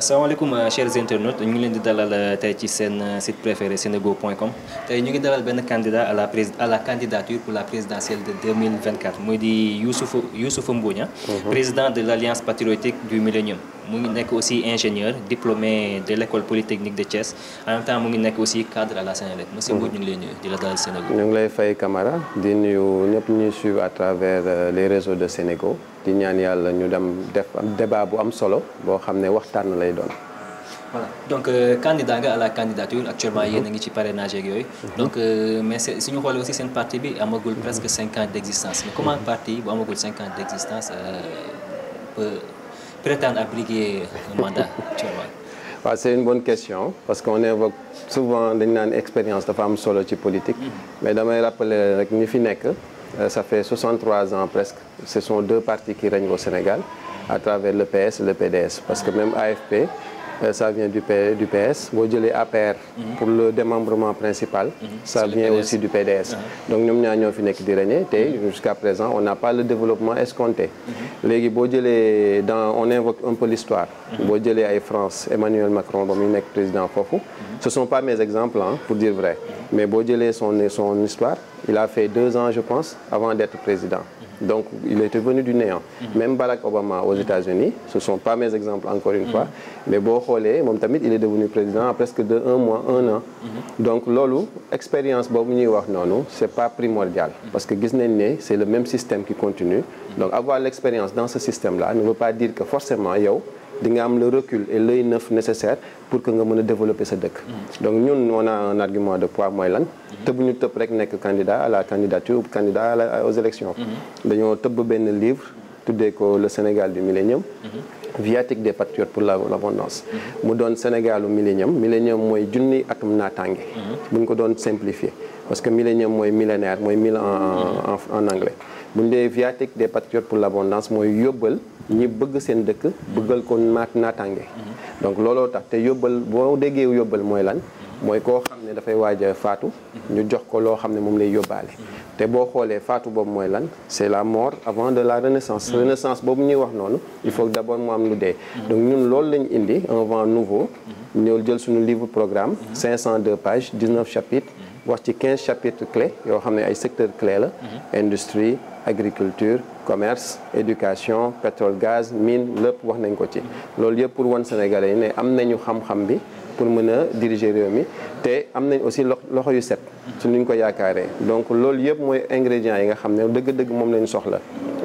asalaamaaleykum euh, chers internautes ñu ngi leen di dalal euh, tey ci seen euh, site préféré senego.com tey ñu ngi dalal benn candidat à la prés à la candidature pour la présidentielle de 2024 muy di Youssouf Youssouf Mbodj mhm. président de l' alliance patriotique du millénium mu ngi nekk aussi ingénieur diplômé de l' école polytechnique de Thiès en même temps mu ngi nekk aussi cadre à la Sénélec monsieur Mbodj mhm. ñu ngi lay nuyu di la Sénégal. ñu lay fay Camara di nuyu ñëpp ñuy suivre à travers euh, les réseaux de Sénégal di ñaan yàlla ñu dem def débat bu am solo boo xam ne waxtaan lay doon. donc euh, candidat nga à la candidature actuellement mhm. yéen a ngi ci parrainage yeeg yooyu. Mhm. donc euh, mais suñu xoolee aussi seen parti bi amagul presque cinq ans d' existence mais comment parti bu amagul cinq d' existence euh, prétendent appliquer le mandat actuellement question parce que on souvent dañ naan expérience dafa am solo ci politique mm-hmm. mais damay rappeler rek ñi fi nekk euh, ça fait 63 ans presque ce sont deux partis qui règnent au Sénégal à travers le PS le PDS parce que même AFP Euh, ça vient du P du PS boo jëlee APR. Mhm. pour le démembrement principal. Mhm. ça vient aussi du PDS. Mhm. donc ñoom ñaar ñoo fi nekk di régner te jusqu'à présent on n'a pas le développement escompté. léegi boo jëlee dans on invoque un peu l'histoire boo jëlee ay France Emmanuel Macron ba muy nekk président foofu. ce sont pas mes exemples hein, pour dire vrai mais boo jëlee son son histoire il a fait deux ans je pense avant d'être président. Donc, il était venu du néant. Mhm. Même Barack Obama aux mhm. États-Unis, ce ne sont pas mes exemples encore une mhm. fois, mais boo xoolee moom tamit il est devenu président à presque de un mois, un an. Donc loolu expérience boobu ñuy wax noonu c'est pas primordial. Parce que gis nañ ne c'est le même système qui continue. Donc avoir l'expérience dans ce système-là ne veut pas dire que forcément yow. di nga am le recul et l'œil neuf nécessaire pour que nga mën a développer sa dëkk. Mm-hmm. donc ñun on a un argument de pois mooy lan. Mm-hmm. tëb ñu tëb rek nekk candidat à la candidature ou candidat aux élections mm-hmm. dañoo tëb benn livre. tuddee ko le Sénégal du millénium viatique des patriotes pour la l'abondance mu doon Sénégalu millénium millénium mooy junni atum naataange bu ñu ko doon simplifier parce que millénium mooy millénaire mooy mille en en anglais bu ñu dee viatique des patriotes pour l'abondance mooy yóbbal ñi bëgg seen dëkk bëggal ko naat naataange donc looloo tax te yóbbal boo déggee yóbbal mooy lan mooy koo xam ne dafay waaj faatu ñu jox ko loo xam ne moom lay yóbbaale te boo xoolee faatu boobu mooy lan c'est la mort avant de la renaissance mm. renaissance boobu ñuy wax noonu il faut d'abord mu am lu dee donc ñun loolu lañ indi un vent nouveau ñëw jël suñu livre programme page mm-hmm. pages 19 chapitres mm-hmm. wax ci 15 chapitres clés yoo xam ne ay secteurs clés la mm-hmm. industrie agriculture commerce éducation pétrole gaz mine lépp wax nañ ko ci loolu yëpp pour wan sénégalais yi ne am nañu xam-xam bi pour mën a diriger réew mi te am nañ aussi loxo yu set su ñu ko yaakaaree donc loolu yëpp mooy ingrédients yi nga xam ne dëgg-dëgg moom nañu soxla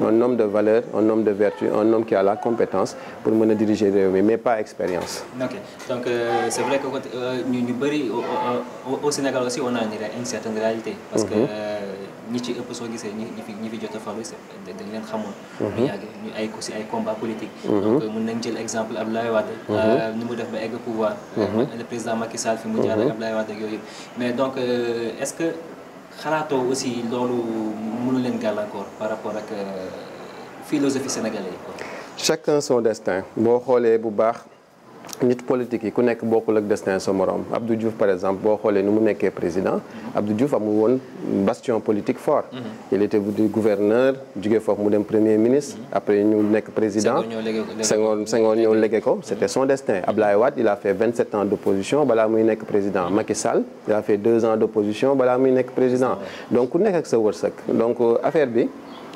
un homme de valeur un homme de vertu un homme qui a compétence pour mën a diriger réew mi mais pas expérience. ok donc euh, c'est vrai que euh, bëri au, Sénégal aussi on a une certaine réalité. parce que. Mhm. Euh, ñi ci ëpp soo gisee ñi fi ñi fi jot a falu dañ leen xamoon ñu mhm. yàgg ñu ay combat politique mhm. donc euh, mën nañ jël exemple Abdoulaye Wade mhm. euh, ni mu def ba egg pouvoir euh, le président Macky Sall fi mu jaar ak Abdoulaye Wade ak yooyu mais donc est-ce que xalaatoo aussi loolu mënu leen gàllankoor par rapport ak philosophie sénégalaise yi chacun son destin boo xoolee bu baax nit politique yi ku nekk bokkul ak destin sa morom Abdou Diouf par exemple boo xoolee ni mu nekkee président Abdou Diouf amul woon bastion politique fort mhm. il était gouverneur jóge foofu mu dem premier ministre mhm. après ñu nekk président Senghor Senghor ñëw légué ko mhm. c' était son destin Ablaye Wade il a fait 27 ans d' opposition balaa muy nekk président Macky Sall il a fait 2 ans d' opposition balaa muy nekk président donc ku nekk ak sa wërsëg donc euh, affaire bi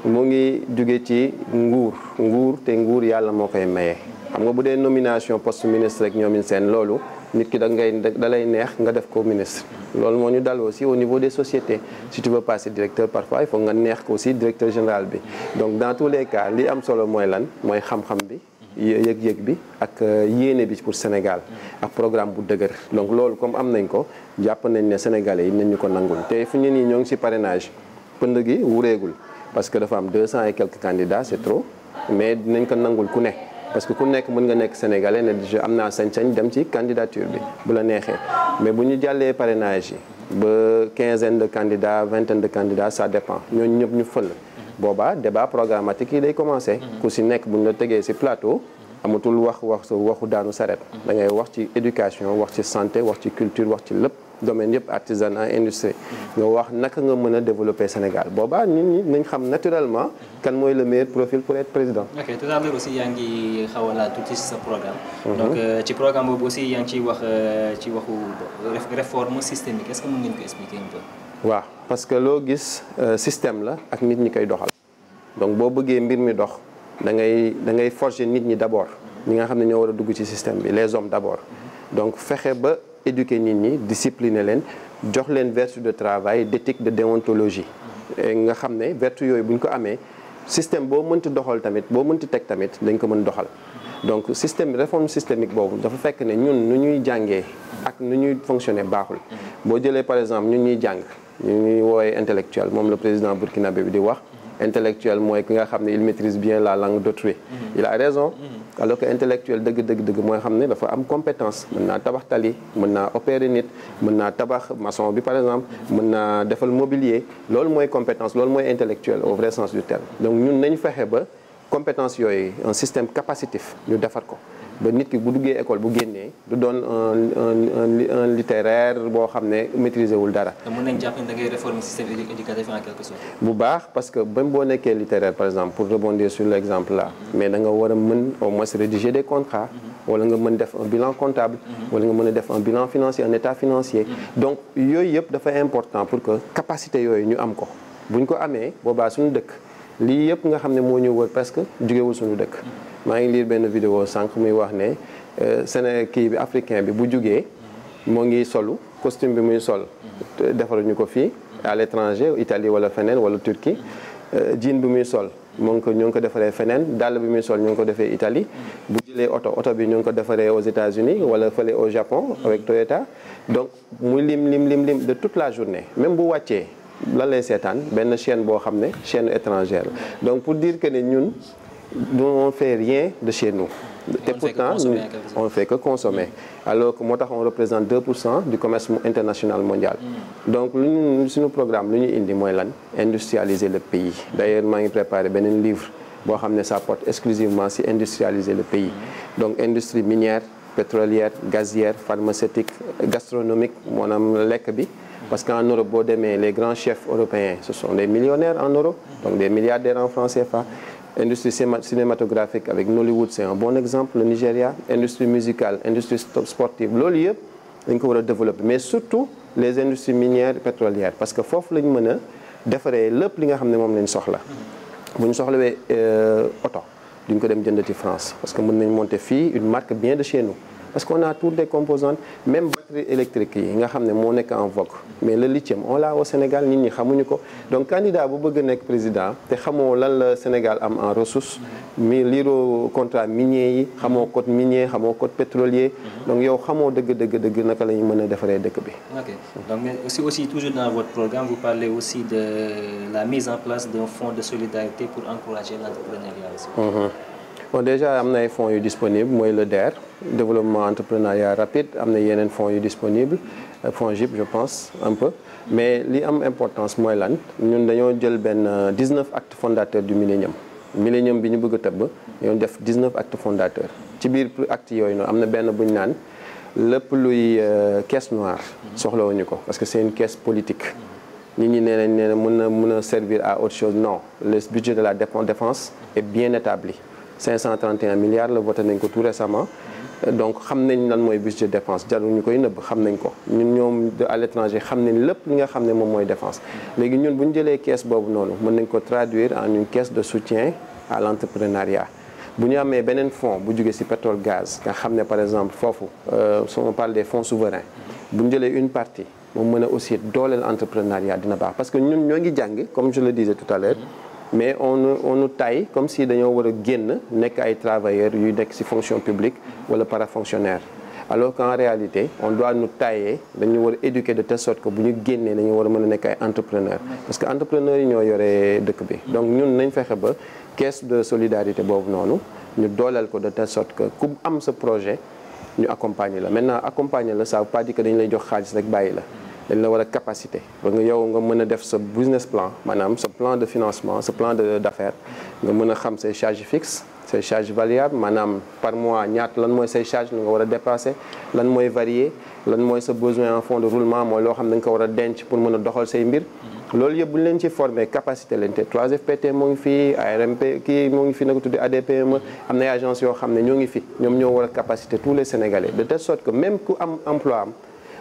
mu ngi jóge ci nguur nguur te nguur yàlla moo koy maye xam nga bu dee nomination poste ministre rek ñoomin seen loolu nit ki da ngay da lay neex nga def ko ministre loolu moo ñu dal aussi au niveau des sociétés si tu veux passer directeur parfois il faut nga neex ko directeur général bi donc dans tous les cas li am solo mooy lan mooy xam-xam bi yëg-yëg bi ak euh, yéene bi pour Sénégal ak programme bu dëgër donc loolu comme am nañ ko jàpp nañ ne Sénégalais yi nañ ñu ko nangul te fu ñu nii ñoo ngi si parrainage pënd gi wureegul parce que dafa am deux cent et quelques candidats c'est trop mais dinañ ko nangul ku ne parce que ku nekk mën nga nekk sénégalais ne je am naa sañ-sañ dem ci candidature bi bu la neexee mais bu ñu jàllee parrainage yi ba quinzaine de candidats vingtaine de candidats ça dépend ñooñu ñëpp ñu fël boobaa débat programmatique yi day commencé ku si nekk bu ñu la tegee si plateau amatul wax wax waxu daanu saret da ngay wax ci éducation wax ci santé wax ci culture wax ci lépp domaine yëpp artisanat industrie nga wax naka nga mën a Sénégal boobaa nit ñi nañ xam naturellement kan mooy le meilleur profil pour être président. ok tout à l'heure aussi yaa ngi xaw a laal tuuti si sa programme. Mhm. donc euh, ci programme boobu aussi yaa ngi ciy wax euh, ci waxu réforme systémique est-ce que mën ngeen ko expliquer un waaw parce que loo gis euh, système la ak nit ñi koy doxal donc boo bëggee mbir mi dox da ngay da ngay forger nit ñi d'abord mhm. ñi nga xam ne ñoo war a dugg ci système bi les hommes d'abord mhm. donc fexe ba. éduquer nit ñi discipliner leen jox leen vertu de travail d'éthique de déontologie nga xam ne vertu yooyu bu ñu ko amee système boo mënti doxal tamit boo mënti teg tamit dañ ko mën doxal donc système réforme systémique boobu dafa fekk ne ñun nu ñuy jànge ak nu ñuy fonctionner baaxul boo jëlee par exemple ñun ñuy jàng ñu ñuy woowee intellectuel moom le président burkinabé bi di wax intellectuel mooy ki nga xam ne il maîtrise bien la langue d'autrui mhm. il a raison mhm. alors que intellectuel dëgg dëgg dëgg mooy xam ne dafa am compétence mën naa tabax tali mën na opérer nit mën naa tabax maçon bi par exemple mën naa defal mobilier loolu mooy compétence loolu mooy intellectuel au vrai sens du terme donc ñun nañu fexe ba compétence yooyu un système capacitif ñu defar ko ba nit ki bu duggee école bu génnee du doon un un littéraire boo xam ne maîtriser wul dara. mën nañu jàpp ne da ngay réformer système éducatif bu baax parce que même boo nekkee littéraire par exemple pour rebondir sur l' exemple là. Mhm. mais da war a mën au moins rédiger des contrats. Mhm. wala nga mën def un bilan comptable. Mhm. wala nga mën a def un bilan financier un état financier. donc yooyu yëpp dafa important pour que capacité yooyu ñu am ko buñ ko amee boobaa suñu dëkk lii yëpp nga xam ne moo ñu wër parce que suñu dëkk. maa ngi liir benn video sànq muy wax ne euh, Sénégal kii bi africain bi bu jugee moo ngi solu costume bi muy sol defaruñu ko fii à l'étranger Italie wala feneen wala Turquie euh, jean bi muy sol moo ngi ko ñoo ngi ko defaree feneen dàll bi muy sol ñoo ngi ko defee itali bu jëlee oto oto bi ñu ngi ko defaree aux États-Unis wala fële au Japon avec Toyota donc muy lim lim lim lim de toute la journée même bu wàccee lan lay seetaan benn chaine boo xam ne chaine étranger donc pour dire que ne ñun on ne fait rien de chez nous. te pourtant on ne que consommer mm. alors que moo tax on représente 2 pour cent du commerce international mondial mm. donc lu ñu suñu programme lu ñu indi mooy lan industrialiser le pays d'ailleurs maa ngi préparé beneen livre boo xam ne ça porte exclusivement si industrialiser le pays mm. donc industrie minière pétrolière gazière pharmaceutique gastronomique maanaam lekk bi parce qu'en Europe boo demee les grands chefs européens ce sont des millionnaires en Europe donc des milliardaires en Industrie cinématographique avec Nollywood c'est un bon exemple le Nigeria industrie musicale industrie sportive loolu yëpp dañ ko war a développer mais surtout les industries minières pétrolières parce que foofu lañ mën a defaree lépp li nga xam ne moom lañ soxla bu ñu soxla soxlawee euh, oto duñ ko dem jëndati France parce que mën nañ monter fii une marque bien de chez parce qu'on a toutes les composantes même batterie électrique yi nga xam ne moo nekk en vogue mais le lithium on l'a au Sénégal nit ñi xamuñu ko donc candidat bu bëgg nekk président te xamoo lan la Sénégal am en ressource mi liiroo contrat minier yi xamoo code minier xamoo code pétrolier mhm. donc yow xamoo dëgg dëgg dëgg naka la ñu mën a defaree dëkk bi ok mais aussi aussi toujours dans votre programme vous parlez aussi de la mise en place d'un fonds de solidarité pour encourager l'entrepreneuriat aussi mhm. bon déjà am na ay fonds yu disponible mooy le DER développement entrepreneuriat rapide am na yeneen fonds yu disponible euh, fonds JIP je pense un peu mais li am importance mooy lan ñun dañoo jël benn 19 euh, actes fondateurs du millénium millénium bi ñu bëgg a tëbb ñoo def 19 actes fondateurs ci biir actes yooyu noonu am na benn bu ñu naan lépp luy euh, caisse noire soxlawuñu ko parce que c'est une caisse politique nit ñi nee nañ nee na mën na mën a servir à autre non le budget de la défense est bien établi 531 milliards la voté nañ ko tout récemment. donc xam nañ lan mooy budget dépense jarul ñu koy nëbb xam nañ ko ñun ñoom à l'étranger xam nañ lépp li nga xam ne moom mooy dépense. léegi ñun bu ñu jëlee caisse boobu noonu mën nañ ko traduire en une caisse de soutien à l'entrepreneuriat. bu ñu amee beneen fonds bu jugee ci pétrole gaz nga xam ne par exemple foofu euh, si on parle des fonds souverains bu ñu jëlee une partie moom mën a aussi dooleel entrepreneuriat dina baax parce que ñun ñoo ngi jàng comme je le disais mais on on nous taille comme si dañoo war a génn nekk ay travailleurs yuy nekk ci fonction publique wala parafonctionnaire alors qu'en réalité on doit nous tailler dañu war a éduquer de tell sorte que bu ñu génnee dañu war a mën a nekk ay entrepreneur parce que entrepreneur yi ñoo yore dëkk bi donc ñun nañ fexe ba caisse de solidarité boobu noonu ñu dooleel ko de telle sorte que ku am sa projet ñu accompagner la maintenant accompagner la ça veut pas dire que dañu lay jox xaalis rek bàyyi la dañ la war a capacité ba nga yow nga mën a def sa business plan maanaam sa plan de financement sa plan de d'affaires nga mën a xam say charges fixes say charges variables maanaam par mois ñaata lan mooy say charge lu nga war a dépasser lan mooy varier lan mooy sa besoin en fonds de roulement mooy loo xam ne nga ko war a denc pour mën a doxal say mbir mm-hmm. loolu yëpp bu ñu leen ci formé capacité leen te 3FPT moo ngi fi ARMP kii moo ngi fi naka tuddi ADPME am na yoo xam ne ñoo ngi fi ñoom ñoo war capacité tous les Sénégalais de telle sorte même ku am emploi am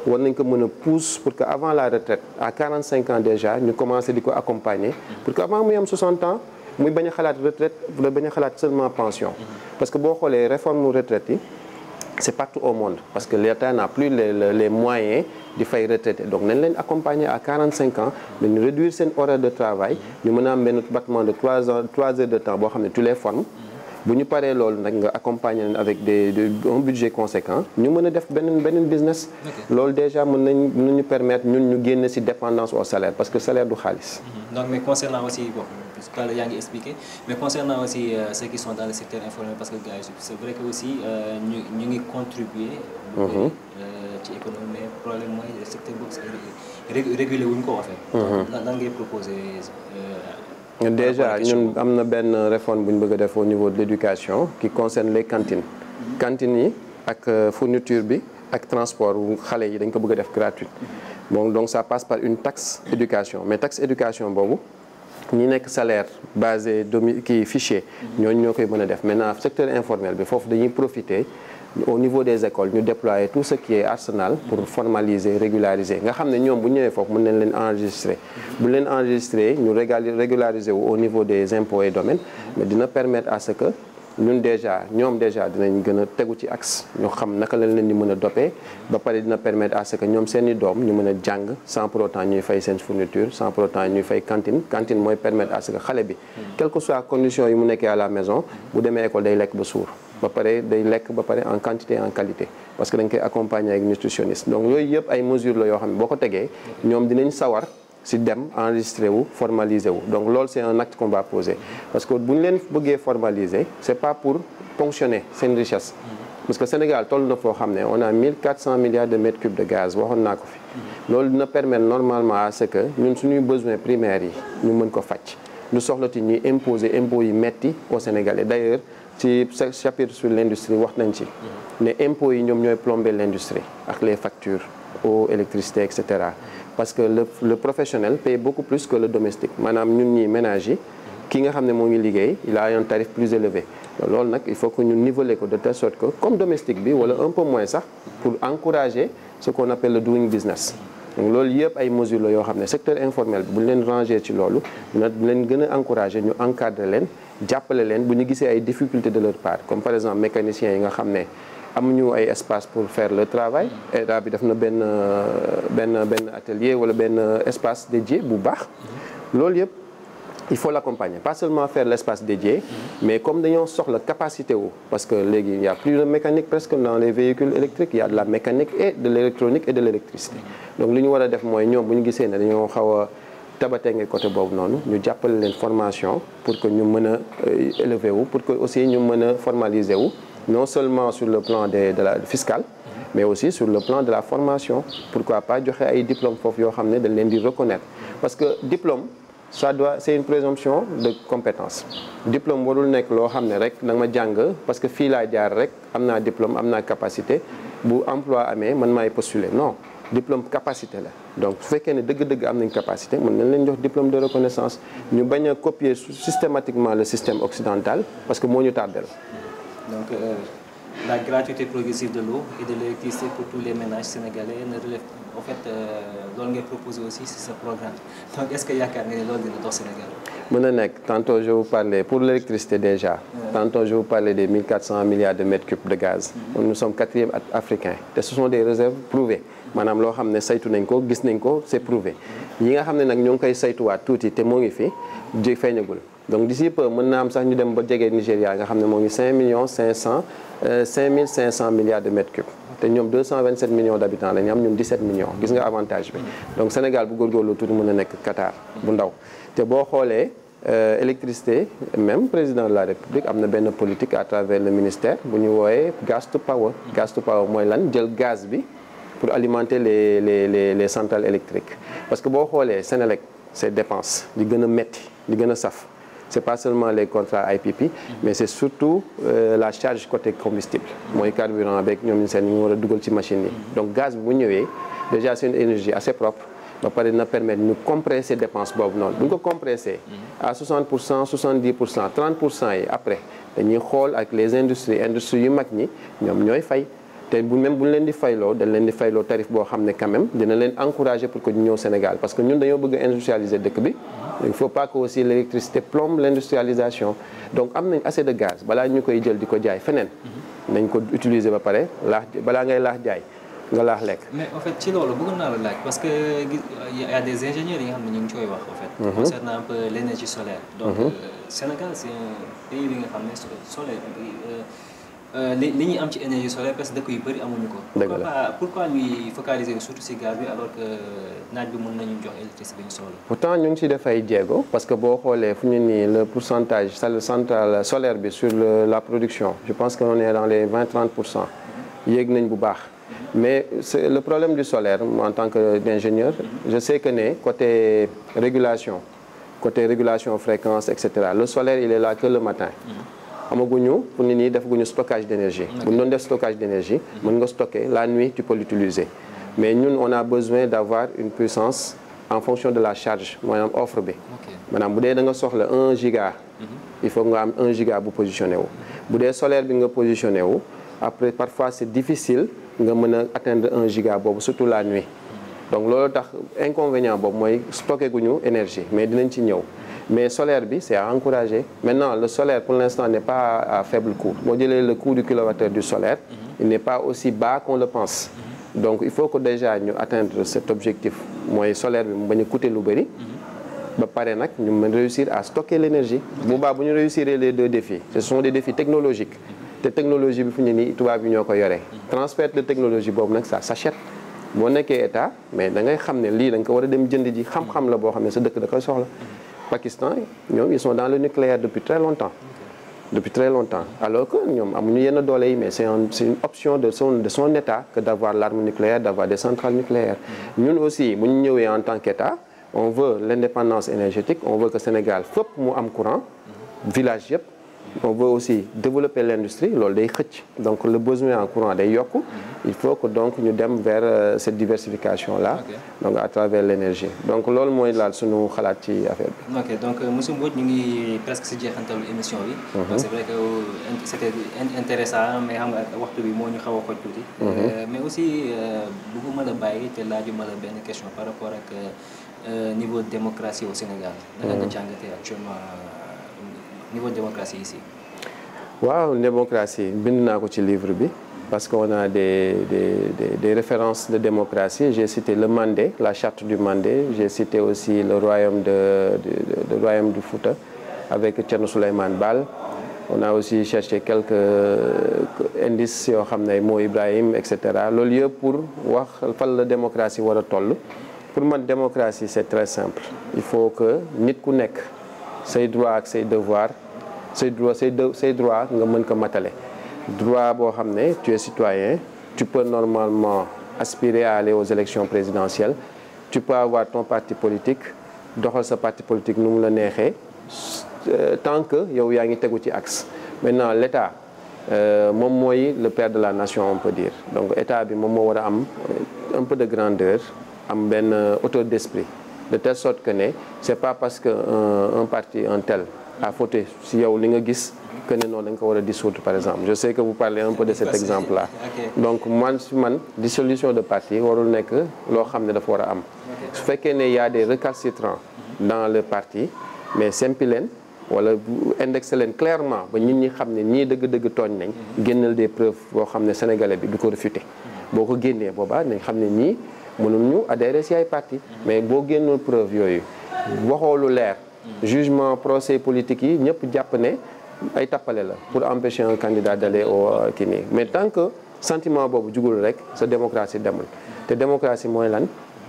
war nañ ko mën a pousse pour que avant la retraite à 45 ans déjà ñu commencé di ko accompagner pour que avant muy am 60 ans muy bañ a xalaat retraite wala bañ xalaat pension parce que boo xoolee réforme retraite yi c'est partout au monde parce que l'État n'a plus les, les, moyens di fay retraité donc nañ leen accompagner à 45 ans dañu réduire seen horaire de travail ñu mën a am benn battement heures de temps boo xam ne tu les formes bu ñu paree loolu nag nga accompagner leen avec des un budget conséquent ñu mën a def beneen beneen business. loolu déjà mën nañ mën nañu permettre ñun ñu génn ci dépendance au salaire parce que salaire du xaalis. Mm-hmm. donc mais concernant aussi bon tout yaa ngi expliqué mais concernant aussi euh, ceux qui sont dans le secteur informel parce que gars yi c'est vrai que aussi euh, ñu ngi contribuer. Euh, mm-hmm. ci économie mais problème mooy secteur boobu régulé wuñ ko waxee. Mm-hmm. lan ngay proposer. déjà ñun am na benn réforme bu ñu bëgg a def au niveau de éducation qui concerne les cantines cantines yi ak euh, fourniture bi ak transport xale yi dañ ko bëgg def gratuite bon donc ça passe par une taxe éducation mais taxe éducation boobu ñi nekk salaire basé domi kii fichier ñooñu ñoo koy mën a def maintenant secteur informel bi foofu dañuy profiter au niveau des écoles ñu déployer tout ce qui est arsenal pour formaliser régulariser nga xam ne ñoom bu ñëwee foofu mën nañ leen enregistrer bu leen enregistrer ñu régulariser wu au niveau des impôts et domaines mais dina permettre à ce que ñun déjà ñoom déjà dinañ gën a tegu ci axe ñu xam naka lañ leen di mën a dopee ba pare dina permettre à que ñoom seen i doom ñu mën a jàng sans pour ñuy fay seen fourniture sans pour autant ñuy fay cantine cantine mooy permettre à ce xale bi quelle que soit condition yi mu nekkee à la maison bu demee école day lekk ba suur ba pare day lekk ba pare en quantité en qualité parce que dañ koy accompagner ak nutritionniste donc yooyu yëpp ay mesures la yoo xam ne boo tegee ñoom dinañ sawar si dem enregistré wu formalisé wu donc loolu c'est un acte qu'on poser parce que bu ñu leen bëggee formaliser c'est pas pour ponctionner seen richesse parce que Sénégal toll na foo xam ne on a 1400 milliards de mètres cubes de gaz waxoon naa ko fi loolu dina permettre normalement à que ñun suñuy besoins primaires yi ñu mën ko faj lu soxla ti ñuy imposer impôts yi metti au Sénégalais d'ailleurs ci chapitre sur l'industrie wax nañ ci ne impôts yi ñoom ñooy plomber l'industrie ak les factures eau électricité et cetera parce que le le professionnel paie beaucoup plus que le domestique maanaam ñun ñi ménage yi ki nga xam ne moo ngi liggéey il a un tarif plus élevé loolu nag il faut que ñu niveler ko de telle sorte que comme domestique bi wala un peu moins sax pour encourager ce qu'on appelle le business loolu yëpp ay mesures la yoo xam ne secteur informel bi bu leen ranger ci loolu dina leen gën a encourager ñu encadrer leen jàppale leen bu ñu gisee ay difficultés de leur part comme par exemple mécaniciens nga xam ne amuñu ay espace pour faire le travail état bi def na benn benn benn atelier wala benn espace dédié bu baax loolu yëpp il faut l'accompagner pas seulement faire l'espace dédié mais comme dañoo soxla capacité wu parce que léegi il y a plus de mécanique presque dans les véhicules électriques il a de la mécanique et de l'électronique et de l'électricité donc li ñu war a def mooy ñoom bu ñu gisee ne dañoo xaw a tabatee nga côté boobu noonu ñu jàppale leen formation pour que ñu mën a euh, élever wu pour que aussi ñu mën a formaliser wu non seulement sur le plan des de la fiscale mais aussi sur le plan de la formation pourquoi pas joxe ay diplôme foofu yoo xam ne dañ leen di reconnaître parce que diplôme ça doit c'est une présomption de compétence diplôme warul nekk loo xam ne rek da ma jàng parce que fii laa jaar rek am naa diplôme am naa capacité bu emploi amee man maay postuler non diplôme capacité la donc fekkee ne dëgg-dëgg am nañ capacité mën nañ leen jox diplôme de reconnaissance ñu bañ a copier systématiquement le système occidental parce que moo ñu tardel Donc, euh, la gratuité progressive de l'eau et de l'électricité pour tous les ménages sénégalais ne relève en fait euh, loolu ngay proposé ce programme donc est que yaakaar nga mën na nekk tantôt je vous parlais pour l'électricité déjà. Ouais. tantôt je vous parlais des 1400 milliards de mètres cubes de gaz. Mm -hmm. nous sommes quatrième africain te ce sont des réserves prouvées maanaam loo xam ne saytu nañ ko gis nañ ko c'est prouvé. yi mhm. nga xam ne nag ñoo ngi koy saytuwaat tuuti te moo ngi fi di feeñagul. donc d'ici peu mën na am sax ñu dem ba jege Nigéria nga xam ne moo ngi 5 millions 500 5 euh, mille 500 milliards de mètres cubes te ñoom 227 millions d' habitants la ñu am ñun 17 millions gis nga avantage bi donc Sénégal bu góorgóorlu tuuti mën na nekk Qatar bu ndaw te boo xoolee euh, électricité même président de la république am na benn politique à travers le ministère bu ñu wooyee gas to power gas to power mooy lan jël gaz bi pour alimenter les les les les centrales électriques parce que boo xoolee Sénélec ses dépenses di gën a metti di gën a saf c'est pas seulement les contrats IPP mais c'est surtout euh, la charge côté combustible mooy carburant beeg ñoom seen ñu war a dugal ci machine yi donc gaz bi bu ñëwee déjà c'est une énergie assez propre ba pare na permettre ñu compresser dépense boobu noonu bu ko compresser à 60 pour cent 70 pour cent 30 pour cent yi après dañuy xool ak les industries industries yu mag ñi ñoom ñooy fay te bu même bu ñu leen di fayloo dañ leen di fayloo tarif boo xam ne quand même dina leen encourager pour que ñu ñëw Sénégal parce que ñun dañoo bëgg a industrialiser dëkk bi il faut pas que aussi l'électricité plombe l'industrialisation donc am nañ assez de gaz balaa ñu koy jël di ko jaay feneen nañ ko utiliser ba pare laax balaa ngay laax jaay nga laax lekk. mais en fait ci loolu bëgg naa la laaj parce que y a des ingénieurs yi nga xam ne ñu ngi cooy wax en fait. Mhm. concernant un l'énergie solaire. donc mm -hmm. Sénégal c'est Euh, li li ñuy am ci énergie solaire parce que dëkk yu bëri amuñu ko. dëgg la pourquoi ñuy focaliser surtout si gaz bi alors que naaj bi mën nañu jox électricité bi ñu soxla. pourtant ñu ngi si dafay jéego parce que boo xoolee fu ñu nii le pourcentage centrale solaire bi sur la production je pense que on est dans les vingt trente pour cent. yéeg nañ bu baax. mais c'est le problème du solaire en tant que d'ingénieur je sais que ne côté régulation côté régulation fréquence et cetera le solaire il est là amaguñu pour ne nii defaguñu stockage d' énergie. bu ñu doon def stockage d' mhm. mën nga stocker la nuit tu peux l' utiliser. mais ñun on a besoin d' avoir une puissance en fonction de la charge maanaam offre bi. maanaam bu dee da nga soxla un giga. Mhm. il faut nga am un giga bu positionné wu. Mhm. bu dee solaire bi nga positionné wu après parfois c' est difficile nga mën a atteindre un giga boobu surtout la nuit. donc loolu tax inconvénient boobu mooy stocké guñu énergie mais dinañ ci ñëw. mais solaire bi c'est à encourager maintenant le solaire pour l'instant n'est pas à faible coût boo jëlee le coût du kilowattheure du solaire mhm. il n'est pas aussi bas qu'on le pense mhm. donc il faut que déjà ñu atteindre cet objectif mooy solaire bi mu bañ a lu bëri mhm. ba pare nag ñu mën réussir à stocker l'énergie bu baax bu ñu réussir les deux défis ce sont des défis technologiques te technologie bi fu ñu nii tubaab bi ñoo ko yore transfert de technologie boobu nag ça s'achète boo nekkee état mais da xam ne lii da ko war a dem jënd ji xam la boo xam ne sa dëkk da koy soxla Pakistan ñoom ils sont dans le nucléaire depuis très longtemps depuis très longtemps alors que ñoom amuñu yenn doole yi mais c'est un c'est une option de son de son état que d'avoir l'arme nucléaire d'avoir des centrales nucléaires ñun aussi bu ñu ñëwee en tant qu'état on veut l'indépendance énergétique on veut que Sénégal fépp mu am courant village yëpp boo veut aussi développer l'industrie loolu day xëcc donc le besoin en courant day yokk il faut que donc ñu dem vers euh, cette diversification la donc à travers l'énergie donc loolu mooy laal suñu xalaat ci affaire bi ok donc euh, monsieur Mbodj ñu ngi presque si jeexantalu émission bi mhm. donc que euh, c'était intéressant mais xam waxtu bi moo ñu xaw a xoj tuuti mhm. mais aussi bëgguma la bàyyi te laajuma la benn question par rapport ak niveau démocratie au Sénégal naka nga mhm. jàngatee actuellement niveau démocratie ici waaw démocratie bind naa ko ci livre bi parce qu'on a des, des, des, des références de démocratie. J'ai cité le Mandé, la charte du Mandé. J'ai cité aussi le royaume, de, de, de, le royaume du Fouta avec Tcherno Souleymane Bal. On a aussi cherché quelques euh, indices sur Mo Ibrahim, etc. Le lieu pour wax voir la démocratie Pour moi, la démocratie, c'est très simple. Il faut que nit nous say droit ak say devoir say droit nga mën ko matale droit boo xam ne tu es citoyen tu peux normalement aspirer à aller aux élections présidentielles tu peux avoir ton parti politique doxal sa parti politique nu mu la neexee euh, tant que yow yaa ngi tegu ci axe maintenant l'État euh, moom mooy le père de la nation on peut dire donc état bi moom moo war a am un peu de grandeur am benn euh, hauteur d'esprit de telle sorte que ne c'est pas parce que un, un parti un tel a fauté si yow li nga gis que noonu da nga ko war a dissoudre par exemple je sais que vous parlez un peu de cet exemple là donc man si man dissolution de parti warul nekk loo xam ne dafa war a am su fekkee ne y a des récalcitrants dans le parti mais sempi leen wala indexé leen clairement ba nit ñi xam ne ñii dëgg-dëgg tooñ nañ mhm. génnal des preuves boo xam ne sénégalais bi du ko réfuter mhm. boo ko génnee boobaa nañ xam ne ñii mënuñu adhérer si ay parti mais boo génnoon preuve yooyu waxoo lu leer jugement procès politique yi ñëpp jàpp ne ay tappale la pour empêcher un candidat d'aller au euh, kii nii mais tant que sentiment boobu jugul rek sa démocratie demul te démocratie mooy lan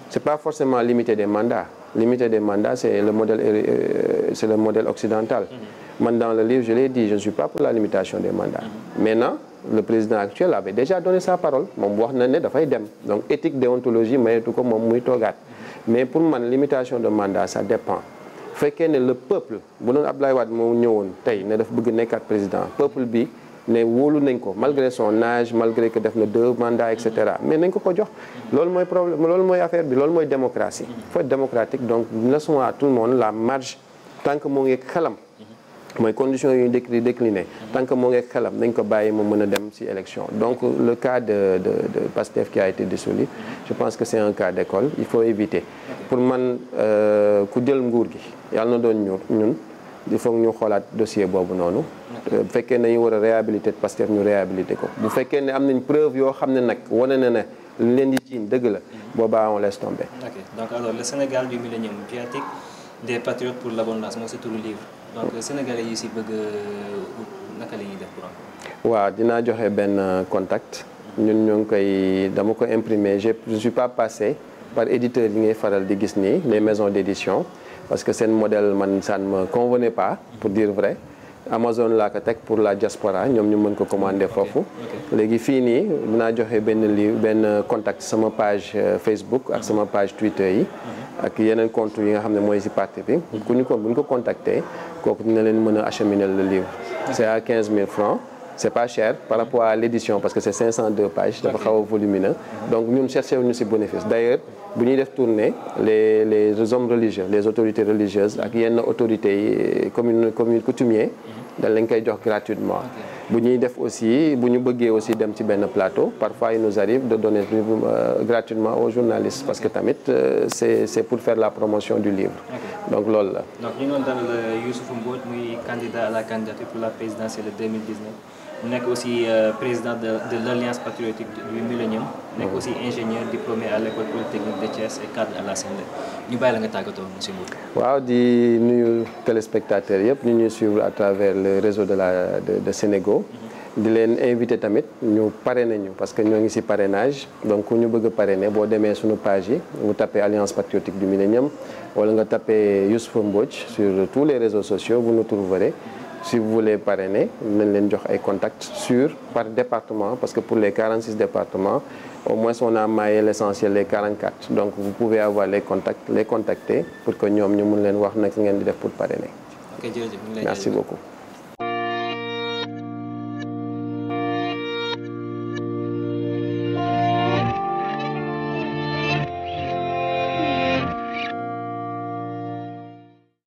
c'est pas forcément limité des mandats limité des mandats c'est le modèle euh, euh, c'est le modèle occidental mm-hmm. man dans le livre je l'ai dit je ne suis pas pour la limitation des mandats mm-hmm. le président actuel avait déjà donné sa parole moom wax na ne dafay dem donc éthique déontologie mayetu ko moom muy toogaat mais pour man limitation de mandat ça dépend fekkee ne le peuple bu doon Abdoulaye Wade moo ñëwoon tey ne dafa bëgg nekkaat président peuple bi ne woolu nañ ko malgré son âge malgré que def na deux mandats et cetera mais nañ ko ko jox loolu mooy problème loolu mooy affaire bi loolu mooy démocratie faut être démocratique donc laissons à tout le monde la marge tant que moo ngi xelam mooy conditions yu ñu décliné tant que moo ngi xelam nañ ko bàyyi mu mën a dem ci élection donc le cas de de de Pastef a été dissous je pense que c'est un cas d'école il faut éviter pour man euh, ku jël nguur gi yàlla na doon ñu ñun il faut ñu xoolaat dossier boobu noonu euh, bu fekkee nañu war a réhabiliter Pastef ñu réhabiliter ko bu fekkee ne am nañ preuve yoo xam ne nag wane na ne leen di jiin dëgg la mhm. boobaa on laisse tomber ok donc alors le Sénégal du millénium médiatique des patriotes pour l'abondance mooy sa turu donc euh, sénégalais yi si bëgg euh, naka li ñuy def pour am. waaw dinaa joxe benn euh, contact. ñun ñoo ngi koy dama ko imprimer je ne suis pas passé par éditeur yi ngay faral di gis ni les maisons d'édition parce que seen modèle man ça ne me convenait pour dire vrai. Amazon laa ko teg pour la diaspora ñoom ñu mën ko commander foofu. léegi fii nii dinaa joxe benn li benn contact sama page euh, Facebook ak sama mhm. page Twitter yi. Mhm. ak yeneen compte yi nga xam ne mooy si parti bi. Mhm. ku ñu ko bu ñu ko contacter kooku ne leen mën a acheminer le livre. c'est à 15 000 francs. c'est pas cher par rapport à l'édition parce que c'est 502 pages dafa xaw a volumineux mhm. donc ñun cherché wuñu ci bénéfice d'ailleurs bu ñuy def tournée les les hommes religieux les autorités religieuses ak yenn autorités commune commune coutumier mhm. dañ lañ koy jox gratuitement bu ñuy def aussi bu ñu bëggee aussi dem ci benn plateau parfois il nous arrive de donner euh, gratuitement aux journalistes parce que tamit euh, c'est c'est pour faire la promotion du livre donc loolu la donc ñu ngi doon dalal Youssouf Mbodj mu nekk aussi euh, président de de l' alliance patriotique du millénium nekk aussi ingénieur diplômé à l' école polytechnique de Thiès et à la CNLA ñu bàyyi la nga tàggatoo monsieur Mbour. waaw di nu téléspectateurs yëpp ñu ñuy suivre à travers le réseau de la de de mm-hmm. di leen invité tamit ñu parrainé nañu parce que ñoo ngi ci parrainage donc ku ñu bëgg a parrainé boo demee suñu page yi bu tapé alliance patriotique du millénium wala nga tapé Youssouf Mbodj sur tous les réseaux sociaux vous nous trouverez. si vous voulez parrainer nañ leen jox ay contacts sur par département parce que pour les 46 départements au moins on a maillé l'essentiel les 44 donc vous pouvez avoir les contacts les contacter pour que ñoom ñu mun leen wax nag ngeen di def pour parrainer. ok jërëjëf merci beaucoup.